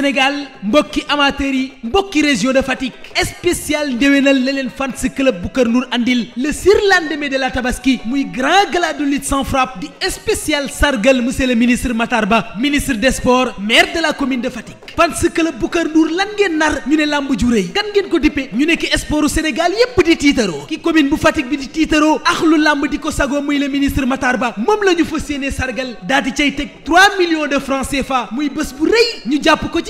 Sénégal mbokki amateurs yi mbokki région de Fatick spécial ndéwénal la leen fans club bu Kër Ndour andil le surlendemain de la tabaski muy grand gala de lutte sans frappe di spécial sargal monsieur ministre Matar Ba ministre des sports maire de la commune de Fatick fans club bu Kër Ndour lan ngeen nar ñu ne làmb ju rëy kan ngeen ko dippe ñu ne ki sportu Sénégal yépp di tiitaroo ki commune bu Fatick bi di tiitaroo ax lu làmb di ko sagoo muy le ministre Matar Ba moom la ñu fas yéene sargal daal di cay teg 3 millions de francs CFA muy bés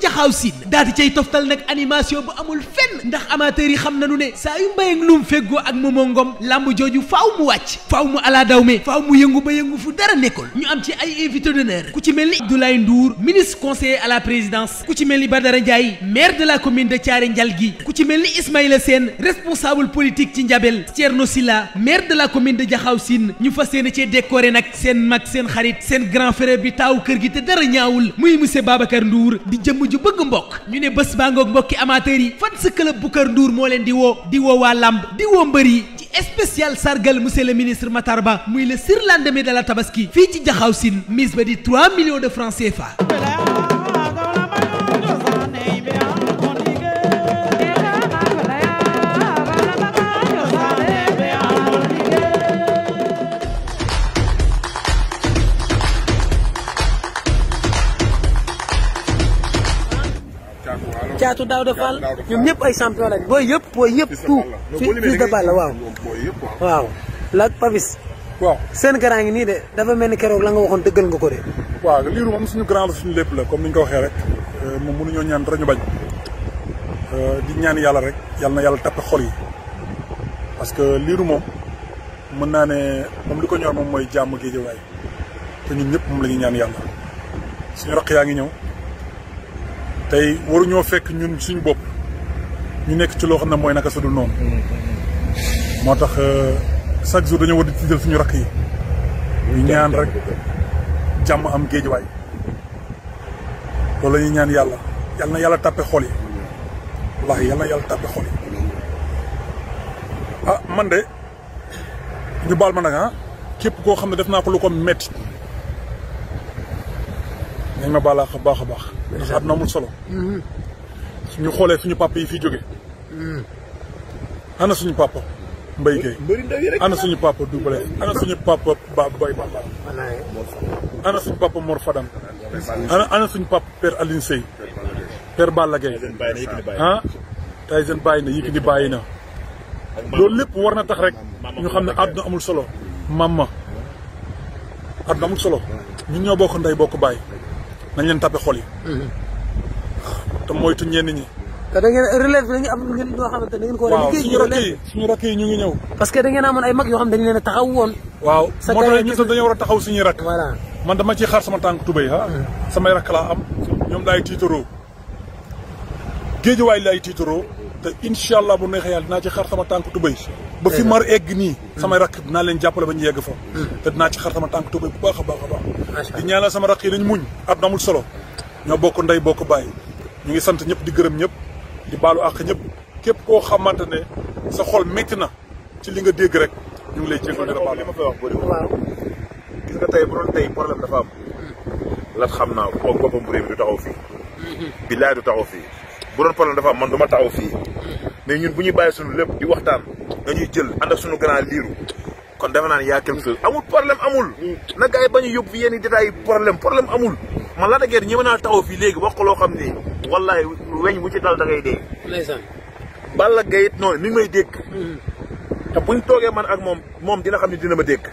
ci jaxaaw siin daal di cay toftal nag animation bu amul fenn ndax amateur yi xam na nañu ne saa yu mbéyeg lum feggoo ak Momo Ngom làmb jooju faaw mu wàcc faw mu ala daw me faaw mu yëngu ba yëngu fu dara nekkul ñu am ci ay invité d'honneur ku ci mel ni Abdoulaye Ndour ministre conseil à la présidence ku ci mel ni Badara Ndiaye maire de la commune de Thiaré njal gi ku ci mel ni Ismaïla Sène responsable politique ci Njabel Thierno Silla maire de la commune de Jaxaw Sine ñu fas yéene cee décoré nag seen mag seen xarit seen grand frère bi taaw kër gi te dara ñaawul muy monsieur Babacar Ndour mujj bëgg mbokk ñu ne bés baa ngoog mbokki amateur yi fan sa bu kër Ndour moo leen di woo di woo waa lamb di woo mbër yi ci spécial sargal monsieur le ministre Matar Ba muy le surlendemain de la tabaski fii ci jaxaw sin mise ba di 3 millions de francs CFA caatu Daouda Fall ñoom ñëpp ay champion lañ booy yëpp booy yëpp tout fils de Balla waaw seen grand ngi nii de dafa mel ni keroog la nga waxoon dëggal de waaw liiru moom suñu grand la suñu lépp la comme ni ñu ko waxee rek euh, moom mënuñoo ñaan dara euh, di ñaan yàlla rek yàlla na yàlla tappe xol yi parce que liiru moom naa ne moom li ko ñor moom mooy jàmm géejawaay te ñun ñëpp moom la ñuy ñaan yàlla suñu raq yaa ngi ñëw tey waruñoo fekk ñun suñu bopp ñu nekk ci loo xam ne mooy naka sudul noonu. moo tax euh, chaque jour dañoo war di tiital suñu rakk yi. ñu ñaan rek jàmm am géejuwaay loolu la ñuy ñaan yàlla yal na yàlla tàppe xol yi wallaahi yal na yàlla tàppe xol yi ah man de ñu baal ma nag ah, képp koo xam ne daf naa ko lu ko metti na baala a baax a baax ndax àdduna amul solo mm-hmm. suñu xoolee suñu papa yi fi jóge mm-hmm. ana suñu papa Mbaye Gueye ana suñu papa Double ana suñu papa ba Boy Balla ana suñu papa Mor Fadam ana ana suñu papa Père Aline Seye Père Balla Gueye ah tay bàyyi na Yékini bàyyi ah? na loolu lépp war na tax rek ñu xam ne àdduna amul solo mamma àdduna amul solo ñu ñoo bokk ndey bokk bàyyi nañ leen tapé xol yi. Mhm. te tu ñenn ñi. te da ngeen relève dañu am lu ko war a waaw suñu rakk suñu rakk ñu ngi ñëw. parce que da a amoon ay mag yoo xam dañu leen a taxaw woon. waaw moo tax ñu dañoo war a taxaw suñuy rakk. voilà man dama ciy xaar sama tànk tubéy ah. Mhm. samay rakk laa am ñoom laay tiitaroo géejuwaay laay tiitaroo te incha allah bu neexee yàlla danaa ci xaar sama tànk tubéy ba fi mar egg nii sama rakk dinaa leen jàppale ba ñu yegg fa te dinaa ci xar sama tànk tubay bu baax a baax a baax di ñaanal sama rakk yi nañ muñ at amul solo ñoo bokk ndey bokk bàyyi ñu ngi sant ñëpp di gërëm ñëpp di baalu àq ñëpp képp koo xamante ne sa xol métti na ci li nga dégg rek ñu ngi lay jégal di la baal li ma koy tey bu doon tey problème dafa am lat xam naa ko boppam bu réew du taxaw fii hmm. bilaay du taxaw fii bu doon problème dafa am man du ma fii mais ñun bu ñu bàyyi suñu lépp di waxtaan dañuy jël ànd ak suñu grand liiru kon dafa naan yaa quelque chose amul problème amul na gars yi bañ a yóbbu fi yenn détails yi problème problème amul man la da guerre ñi naa taxaw fii léegi wax loo xam ne wallaay weñ bu ci dal da ngay dee ndeysaan Balla Gaye it noonu mi ngi may dégg mm-hmm. te buñ toogee man ak moom moom dina xam ne dina ma dégg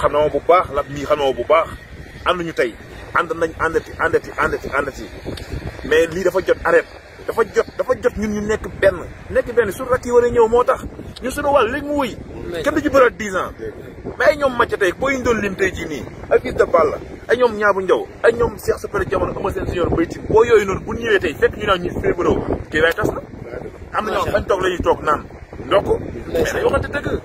xam na ma bu baax la mii xam na ma bu baax ñu tey ànd nañ àndati àndati àndati àndati mais lii dafa jot arrêt dafa jot dafa jot ñun ñu nekk benn nekk benn su rakk yi war a ñëw moo tax ñu suñu wàll léegi mu wuy kenn du ci bëral dix ans mais ay ñoom macca tey boo indoon lim tey jii nii ak fils de Balla ay ñoom ñaabu njaw ay ñoom Cheikh Super jamono ama seen senior baytin boo yooyu noonu bu ñëwee tey fekk ñu naan ñu féebaroo kii lay tas na am na ñoom bañ toog la ñuy toog naan ndokk mais nag waxante dëgg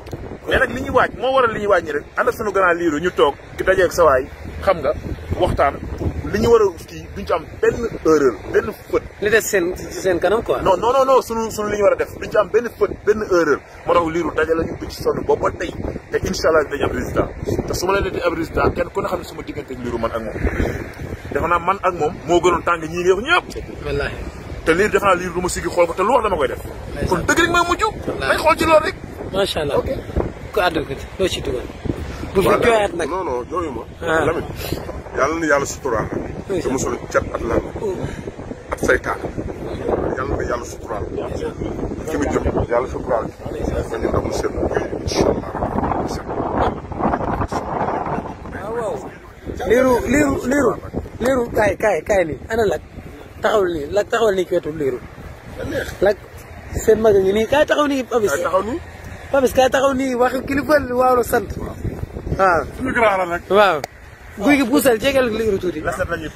mais nag li ñuy waaj moo waral li ñu waaj ñi rek ànd ak sunu grand liiru ñu toog ki dajeeg sawaay xam nga waxtaan li ñu war a kii duñ ci benn erreur benn li des seen seen kanam quoi. non non non non sunu sunu li ñu war a def duñ ci am benn faute benn erreur moo tax liiru daje la ñu duñ ci sonn boobu am résultat ma leen di am résultat kenn naa man ak moom moo gënoon tàng ñii nga wax ñëpp. wallaahi te liir defe ma siggi xool te lu wax dama koy def. kon dëgg rek may mujj. may xool ci loolu rek. macha allah ok ku àddu ko loo ci dugal. bu fi jooyaat nag non non jooyu ma. Ah. na saytaane yàlla na yàlla suturaal ki mu jëm yàlla suturaal ma ñu ndamu seen incha allah seen ah, liiru liiru liiru liiru kaay kaay kaay nii ana lak taxawal nii lak taxawal nii keetu liiru lak seen mag ngi nii kaay taxaw nii Papis Papis kaay taxaw nii waxi kilifa waaw la sant waaw ah. waaw guy gi buusal jegeel li nga tuuti. la set lépp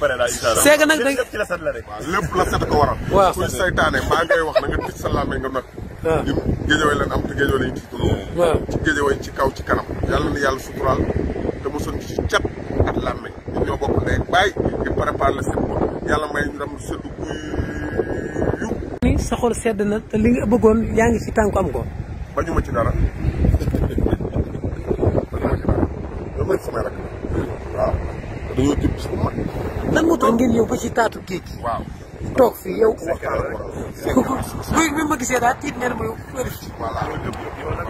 la set ko waral. waaw kuy saytaane mbaa ngay wax na nga tij sa laamee nga not. waaw ñun géejewee lañ am te géejewee lañ tiitu. waaw ci géejewee ci kaw ci kanam. yàlla na yàlla suturaal te mosoon ci cat ak laamee ñun ñoo bokk ndey bàyyi di préparer la set ko yàlla may ñu dem seddu guy yu. sa sedd na te li nga bëggoon yaa ngi ci tànk am ko. bañu ma ci dara. waaw dañoo jub bis lan moo tax ngeen ñëw ba ci taatu géej gi. waaw toog fii yow. waxtaan ak ma gisee daal tiit ngeen mooy bëri. voilà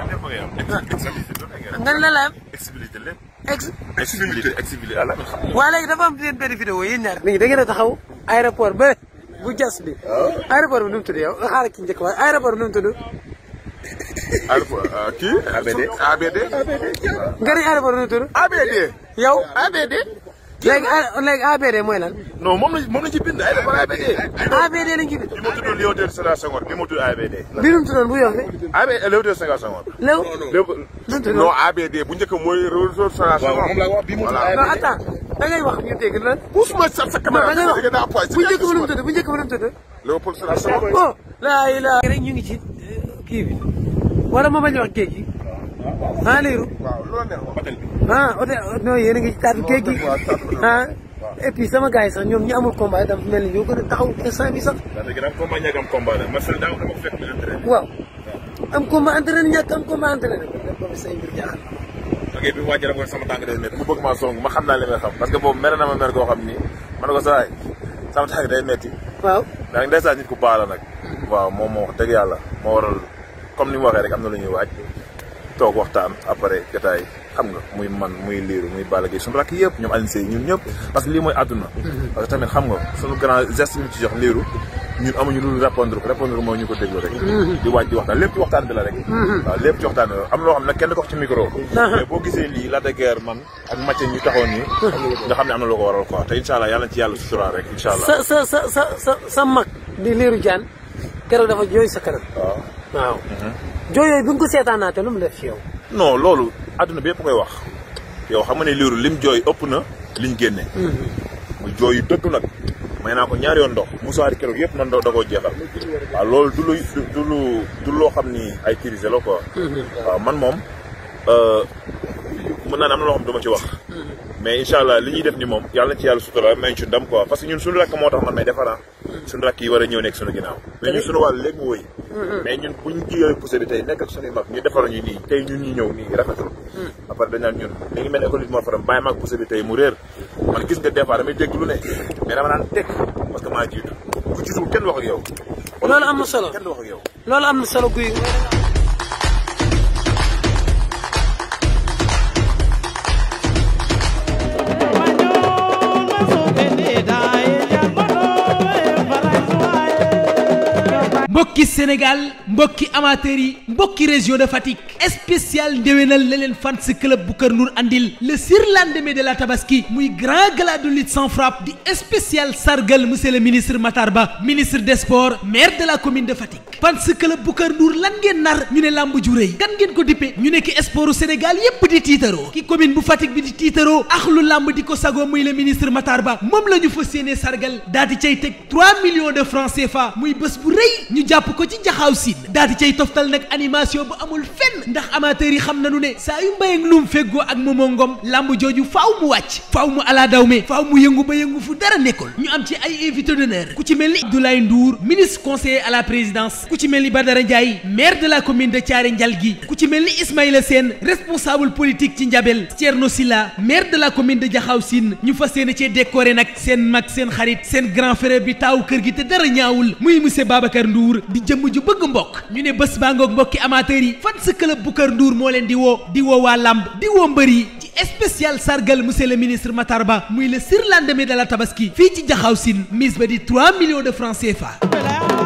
lan la la am. exhibilité lépp. ex. exhibilité exhibilité ala. waaw léegi dafa am seen benn vidéo yéen ñaar. léegi da ngeen a taxaw aéroport ba bu jas bi. aéroport bi nu mu tudd yow xaaral ki njëkk waaye aéroport bi nu mu tudd. aéroport kii. ABD ABD. nga ne aéroport bi nu mu tudd. ABD. yow ABD. Ah, léegi ah, léegi ABD mooy lan. non moom lañ moom lañ ci bind ay dafa ABD. ABD lañ ci bind. bi ma tuddoon Léopold Sédar Senghor bi ma tudd ABD. bi mu tuddoon bu Yoff. AB Léopold Sédar Senghor. Léo non ABD bu njëkk mooy Léopold Sédar Senghor. waaw moom laa wax bi mu tudd ABD. non attends da ngay wax ñu dégg lan. pousse-moi sa sa caméra da ngay wax bu njëkk ba nu mu tudd bu njëkk ba nu mu tudd. Léopold Sédar Senghor. oh. laa ilaa rek ñu ngi ci euh, kii bi wala ma bañ wax géej gi ah Lirou. waaw loo neex wax hôtel bi. ah hôtel non yéen a ngi ci taatu géej gi ah et sama gars yi sax ñoom ñi amul combat itam mel ni ñoo gën a taxaw instant bi sax. daanaka am combat ñàkk am combat la man sax daaw dama fekk muy entraîné. waaw am combat entraîné ñàkk am combat mu bëgg maa song ma xam naa li may xam parce que boobu mer na ma mer goo xam ni man ko saa sama tànk day métti. waaw ndax ndeysaan nit ku baax la nag. waaw moom moo wax dëgg yàlla moo waral comme ni mu waxee rek am na lu ñuy waaj. toog waxtaan après jotaay xam nga muy man muy liiru muy Balla Gaye suñu rakk yëpp ñoom Alioune Seye ñun ñëpp parce que lii mooy àdduna mhm. parce que tamit xam nga suñu grand geste ñu ci jox liiru ñun amuñu lu répondre ko répondre moo ñu ko déglu rek mhm. di waaj di waxtaan lépp waxtaan bi la rek mhm. waaw lépp ci waxtaan bi la am loo xam ne kenn ko wax ci micro mais la de ak Mathieu ñu taxoon nii nga xam ne am na loo ko waral quoi te incha allah yàlla ci yàlla sutura rek incha allah sa sa sa sa sa sa mag sa kanam joo yooyu bi nga ko seetaanaatee lu mu def ci yow. non loolu àdduna bi yëpp koy wax yow xam nga ne liiru lim jooy ëpp na liñ génne. Mm-hmm. mu jooy yu dëgg nag. may naa ko ñaari yoon ndox musaari keroog yëpp nan da koo jeexal. waaw loolu du luy lu du loo xam ni ay tirise la ko mm-hmm. waaw man moom euh, mën naa ne am na loo xam ne ci wax. mais incha allah li ñuy def ni moom yàlla ci yàlla sutura may ci ndam quoi parce que ñun suñu rakk moo tax man may defaraat ah. suñu rakk yi war a ñëw nekk suñu ginnaaw mais ñun suñu wàll léegi wooyu mais ñu defar ñu ñëw nii rafetul mm. après dañ naan ñun li ngi mel école moo faram bàyyi lu ne mais dama naan teg parce que maa jiitu kenn wax ak yow loolu am na solo guy mbokki Sénégal mbokki amateurs yi mbokki région de Fatick spécial ndéwénal la leen fans club bu Kër Ndour andil le surlendemain de la tabaski muy grand gala de lutte sans frappe di spécial sargal monsieur le ministre Matar Ba ministre des sports maire de la commune de Fatick fans club bu Kër Ndour lan ngeen nar ñu ne làmb ju rëy kan ngeen ko dippe ñu ne ki sportu Sénégal yépp di tiitaroo ki commune bu Fatick bi di tiitaroo ax lu làmb di ko sago muy l ministre Matar Ba moom la ñu fas yéenee sargal daal di cay teg 3 millions de francs CFA muy bés bu rëy ñu jàpp jàpp ci jaxaaw siin daal di cay toftal nag animation bu amul fenn ndax amateurs yi xam nañu ne saa yu mbéyeg lum feggoo ak moomoo ngom lamb jooju faaw mu wàcc faaw mu alaa daw me faaw mu yëngu ba yëngu fu dara nekkul ñu am ci ay invité d'honneur ku ci mel ni Abdoulaye Ndour ministre conseil à la présidence ku ci mel ni Badara Ndiaye maire de la commune de njal gi ku ci mel ni Ismaïla Sène responsable politique ci Njabel Thierno Silla maire de la commune de jaxaw Sine ñu fa yéene cee décoré nag seen mag seen xarit seen grand frère bi taaw kër gi te dara ñaawul muy monsieur Babacar Ndour jëmm ju bëgg mbokk ñu ne bés baa ngoog mbokki amateur yi fan sa club bu Kër Ndour moo leen di woo di woo waa lamb di woo mbër yi ci spécial sargal monsieur le ministre Matar Ba muy le surlendemain de la tabaski fii ci jaxaw sin mise ba di 3 millions de francs CFA